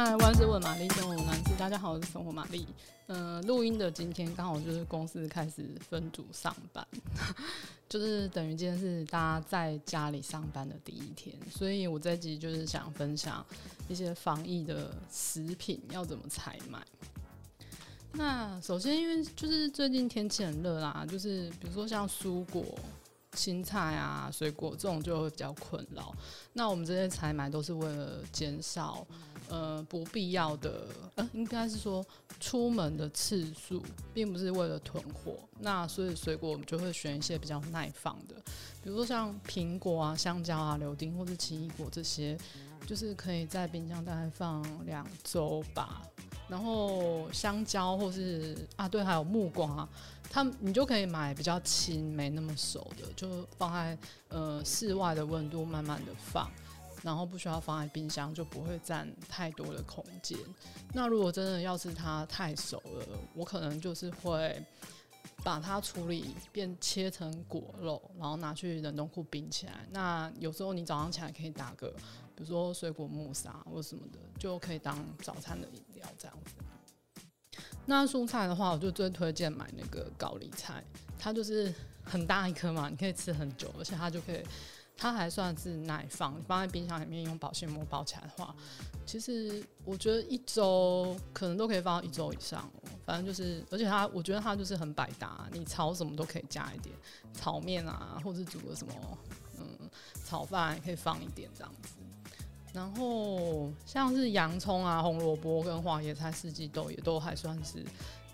那萬事問瑪麗，跟我男士，大家好，我是生活瑪麗。嗯、呃，錄音的今天剛好就是公司開始分組上班，呵呵就是等於今天是大家在家裡上班的第一天，所以我這集就是想分享一些防疫的食品要怎麼採買。那首先，因為就是最近天氣很熱啦，就是比如說像蔬果、青菜啊、水果這種就比較困擾。那我們這些採買都是為了減少。呃，不必要的呃，應該是說出門的次數，並不是為了囤貨。那所以水果我們就會選一些比較耐放的，比如說像蘋果啊、香蕉啊、柳丁或者奇異果這些，就是可以在冰箱大概放兩周吧。然後香蕉或是啊，對，還有木瓜，它你就可以買比較青、沒那麼熟的，就放在呃室外的溫度慢慢的放。然後不需要放在冰箱，就不會佔太多的空間。那如果真的要是它太熟了，我可能就是會把它處理變切成果肉，然後拿去冷凍庫冰起來。那有時候你早上起來可以打個，比如說水果木沙或什麼的，就可以當早餐的飲料這樣子。那蔬菜的話，我就最推薦買那個高麗菜，它就是很大一顆嘛，你可以吃很久，而且它就可以。它還算是耐放，放在冰箱裡面用保鮮膜包起來的話，其實我覺得一周可能都可以放到一周以上喔，反正就是，而且它我覺得它就是很百搭，你炒什麼都可以加一點，炒麵啊，或者是煮個什麼，嗯，炒飯可以放一點這樣子。然後像是洋蔥啊、紅蘿蔔跟花椰菜、四季豆也都還算是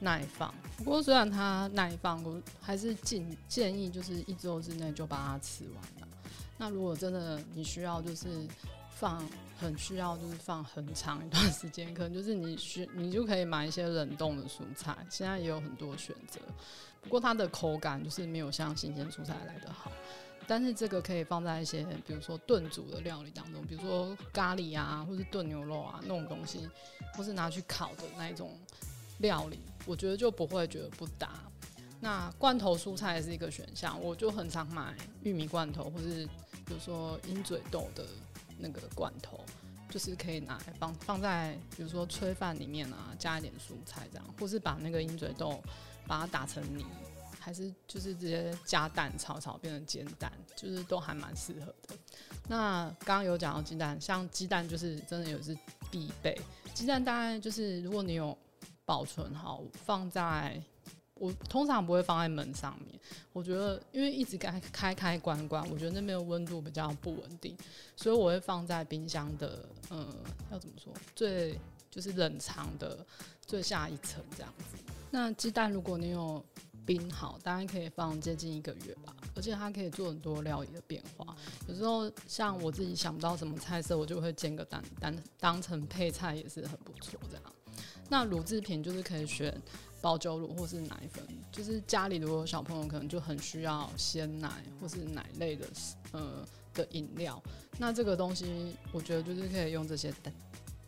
耐放。不過雖然它耐放，我還是建建議就是一周之內就把它吃完了。那如果真的你需要，就是放很需要，就是放很長一段時間，可能就是你需你就可以買一些冷凍的蔬菜，現在也有很多選擇。不過它的口感就是沒有像新鮮蔬菜來得好，但是這個可以放在一些比如說燉煮的料理當中，比如說咖喱啊，或是燉牛肉啊那種東西，或是拿去烤的那一種料理，我覺得就不會覺得不搭。那罐頭蔬菜也是一個選項，我就很常買玉米罐頭，或是比如說鷹嘴豆的那個罐頭，就是可以拿來放放在比如說炊飯裡面啊，加一點蔬菜這樣，或是把那個鷹嘴豆把它打成泥，還是就是直接加蛋炒炒變成煎蛋，就是都還蠻適合的。那剛剛有講到雞蛋，像雞蛋就是真的也是必備，雞蛋大概就是如果你有保存好放在。我通常不會放在門上面，我覺得因為一直開開開關關，我覺得那邊的溫度比較不穩定，所以我會放在冰箱的呃，要怎麼說，最就是冷藏的最下一層這樣子。那雞蛋如果你有冰好，當然可以放接近一個月吧，而且它可以做很多料理的變化。有時候像我自己想不到什麼菜色，我就會煎個蛋蛋，當成配菜也是很不錯這樣。那乳製品就是可以選保久乳或是奶粉，就是家裡如果有小朋友可能就很需要鮮奶或是奶類的，呃的飲料。那這個東西我覺得就是可以用這些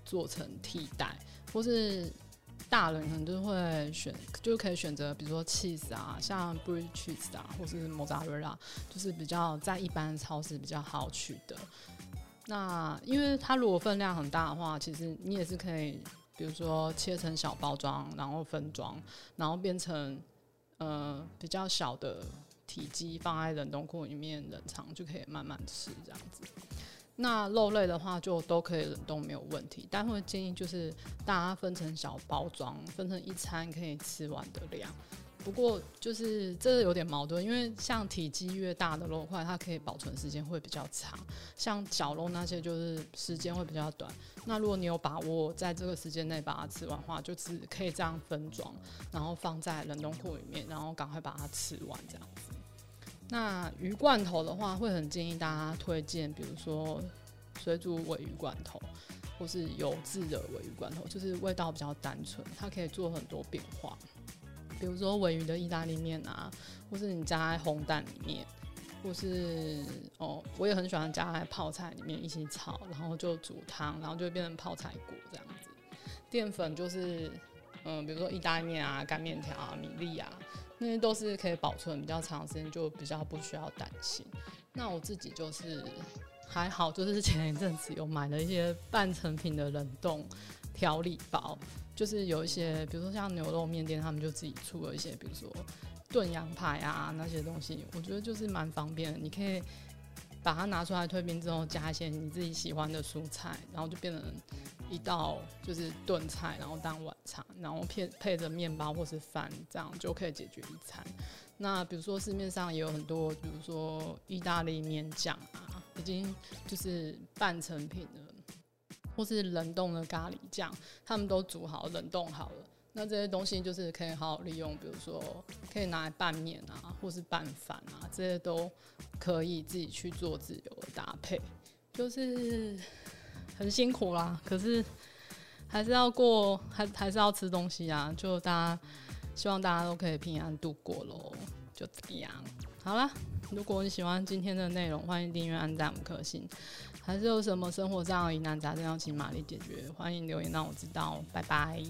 做成替代，或是大人可能就會選，就可以選擇，比如說 cheese 啊，像 brie cheese 啊，或是 mozzarella，就是比較在一般超市比較好取得。那因為它如果分量很大的話，其實你也是可以。比如說切成小包裝，然後分裝，然後變成呃比較小的體積，放在冷凍庫裡面冷藏，就可以慢慢吃這樣子。那肉類的話就都可以冷凍沒有問題，但會建議就是大家分成小包裝，分成一餐可以吃完的量。不過就是這個有點矛盾，因為像體積越大的肉塊，它可以保存時間會比較長；像絞肉那些，就是時間會比較短。那如果你有把握在這個時間內把它吃完的話，就只可以這樣分裝，然後放在冷凍庫裡面，然後趕快把它吃完這樣子。那魚罐頭的話，會很建議大家推薦，比如說水煮鮪魚罐頭，或是油漬的鮪魚罐頭，就是味道比較單純，它可以做很多變化。比如說鮪魚的意大利麵啊，或是你加在烘蛋裡面，或是哦，我也很喜歡加在泡菜裡面一起炒，然後就煮湯，然後就會變成泡菜鍋這樣子。澱粉就是嗯，比如說意大利麵啊、乾麵條啊、米粒啊，那些都是可以保存比較長時間，就比較不需要擔心。那我自己就是還好，就是前一陣子有買了一些半成品的冷凍調理包。就是有一些，比如說像牛肉麵店，他們就自己出了一些，比如說燉羊排啊那些東西。我覺得就是蠻方便的，你可以把它拿出來退冰之後，加一些你自己喜歡的蔬菜，然後就變成一道就是燉菜，然後當晚餐，然後配配着麵包或是飯，這樣就可以解決一餐。那比如說市面上也有很多，比如說意大利麵醬啊，已經就是半成品了。或是冷凍的咖喱醬，他們都煮好、冷凍好了。那這些東西就是可以好好利用，比如說可以拿來拌麵啊，或是拌飯啊，這些都可以自己去做自由的搭配。就是很辛苦啦、啊，可是還是要過，還是還是要吃東西啊。就大家希望大家都可以平安度過嘍，就這樣，好了。如果你喜歡今天的內容，歡迎訂閱、按讚、五顆星。還是有什麼生活上的疑難雜症要請瑪麗解決，歡迎留言讓我知道。拜拜。